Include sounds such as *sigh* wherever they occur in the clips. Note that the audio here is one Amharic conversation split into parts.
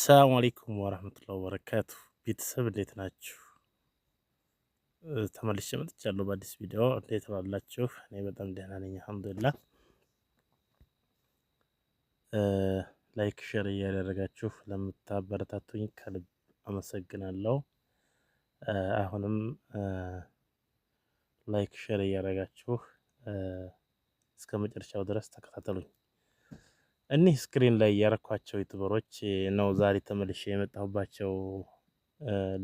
ሰላም አለይኩም ወረህመቱላሂ ወበረካቱ ቤተሰብ እንዴት ናችሁ? ተመልሼ መጥቻለሁ በአዲስ ቪዲዮ። እንዴት ባላችሁ? እኔ በጣም ደህና ነኝ አልሐምዱሊላህ። ላይክ ሼር እያደረጋችሁ ለምታበረታቱኝ ከልብ አመሰግናለሁ። አሁንም ላይክ ሼር እያደረጋችሁ እስከ መጨረሻው ድረስ ተከታተሉኝ። እኒህ ስክሪን ላይ ያረኳቸው ዩቱበሮች ነው ዛሬ ተመልሼ የመጣሁባቸው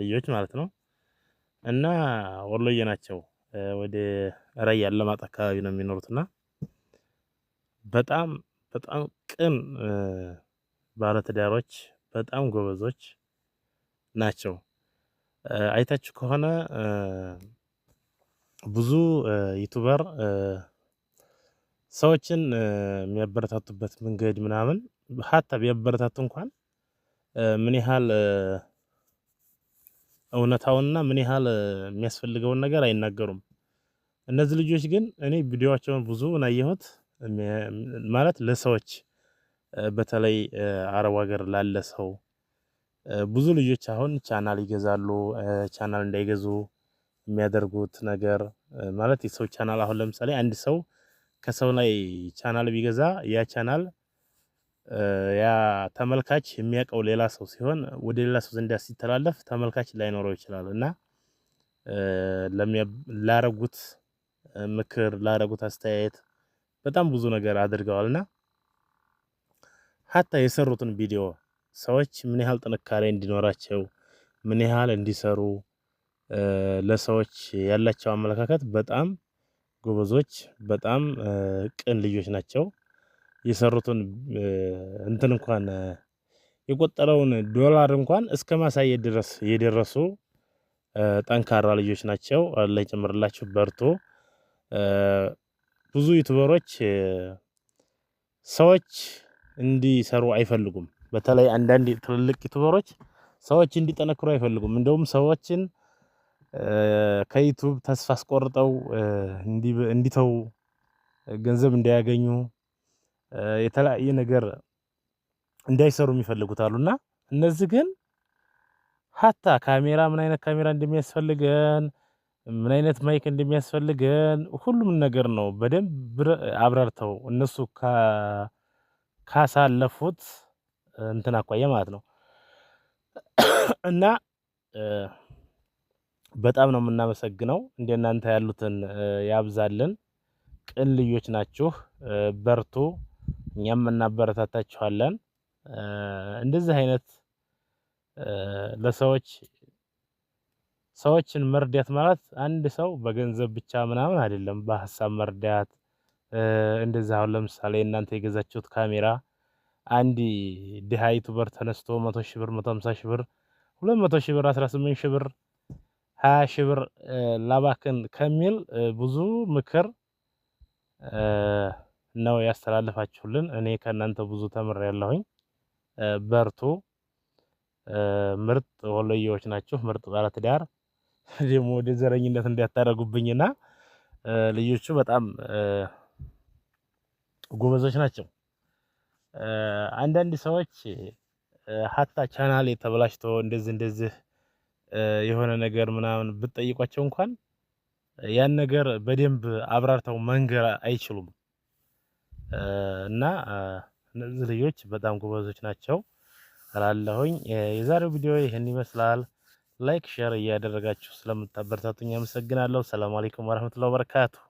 ልጆች ማለት ነው። እና ወሎዬ ናቸው። ወደ ራያ አላማጣ አካባቢ ነው የሚኖሩት እና በጣም በጣም ቅን ባለትዳሮች በጣም ጎበዞች ናቸው። አይታችሁ ከሆነ ብዙ ዩቱበር ሰዎችን የሚያበረታቱበት መንገድ ምናምን ሀታ ቢያበረታቱ እንኳን ምን ያህል እውነታውንና ምን ያህል የሚያስፈልገውን ነገር አይናገሩም። እነዚህ ልጆች ግን እኔ ቪዲዮቸውን ብዙ ናየሁት ማለት ለሰዎች በተለይ አረብ ሀገር ላለ ሰው ብዙ ልጆች አሁን ቻናል ይገዛሉ። ቻናል እንዳይገዙ የሚያደርጉት ነገር ማለት የሰው ቻናል አሁን ለምሳሌ አንድ ሰው ከሰው ላይ ቻናል ቢገዛ ያ ቻናል ያ ተመልካች የሚያውቀው ሌላ ሰው ሲሆን ወደ ሌላ ሰው ዘንድ ሲተላለፍ ተመልካች ላይኖረው ይችላል እና ላረጉት ምክር ላረጉት አስተያየት በጣም ብዙ ነገር አድርገዋልና ሀታ የሰሩትን ቪዲዮ ሰዎች ምን ያህል ጥንካሬ እንዲኖራቸው ምን ያህል እንዲሰሩ ለሰዎች ያላቸው አመለካከት በጣም ጎበዞች፣ በጣም ቅን ልጆች ናቸው። የሰሩትን እንትን እንኳን የቆጠረውን ዶላር እንኳን እስከ ማሳየት ድረስ የደረሱ ጠንካራ ልጆች ናቸው። አለ ጨምርላችሁ፣ ብዙ ዩቱበሮች ሰዎች እንዲሰሩ አይፈልጉም። በተለይ አንዳንድ ትልልቅ ዩቱበሮች ሰዎች እንዲጠነክሩ አይፈልጉም። እንደውም ሰዎችን ከዩቱብ ተስፋ አስቆርጠው እንዲተው ገንዘብ እንዳያገኙ የተለያየ ነገር እንዳይሰሩ የሚፈልጉት አሉ እና እነዚህ ግን ሀታ ካሜራ ምን አይነት ካሜራ እንደሚያስፈልገን ምን አይነት ማይክ እንደሚያስፈልገን ሁሉም ነገር ነው በደንብ አብራርተው እነሱ ካሳለፉት እንትን አኳያ ማለት ነው *coughs* እና በጣም ነው የምናመሰግነው። እንደናንተ ያሉትን ያብዛልን። ቅን ልጆች ናችሁ፣ በርቱ። እኛም እናበረታታችኋለን። እንደዚህ አይነት ለሰዎች ሰዎችን መርዳት ማለት አንድ ሰው በገንዘብ ብቻ ምናምን አይደለም፣ በሀሳብ መርዳት እንደዛ። አሁን ለምሳሌ እናንተ የገዛችሁት ካሜራ አንድ ድሃ ዩቱበር ተነስቶ መቶ ሺህ ብር፣ መቶ ሀምሳ ሺህ ብር፣ ሁለት መቶ ሺህ ብር፣ አስራ ስምንት ሺህ ብር ሀያ ሺህ ብር ላባክን ከሚል ብዙ ምክር ነው ያስተላልፋችሁልን እኔ ከእናንተ ብዙ ተምሬያለሁኝ። በርቱ። ምርጥ ወሎዬዎች ናችሁ። ምርጥ ባለትዳር *laughs* ደግሞ ወደ ዘረኝነት እንዳታደርጉብኝና ልጆቹ በጣም ጎበዞች ናቸው። አንዳንድ ሰዎች ሀታ ቻናል የተበላሽቶ እንደዚህ እንደዚህ የሆነ ነገር ምናምን ብትጠይቋቸው እንኳን ያን ነገር በደንብ አብራርተው መንገር አይችሉም። እና እነዚህ ልጆች በጣም ጎበዞች ናቸው እላለሁኝ። የዛሬው ቪዲዮ ይህን ይመስላል። ላይክ ሼር እያደረጋችሁ ስለምታበረታቱኝ አመሰግናለሁ። ሰላም አለይኩም ወራህመቱላሂ ወበረካቱሁ።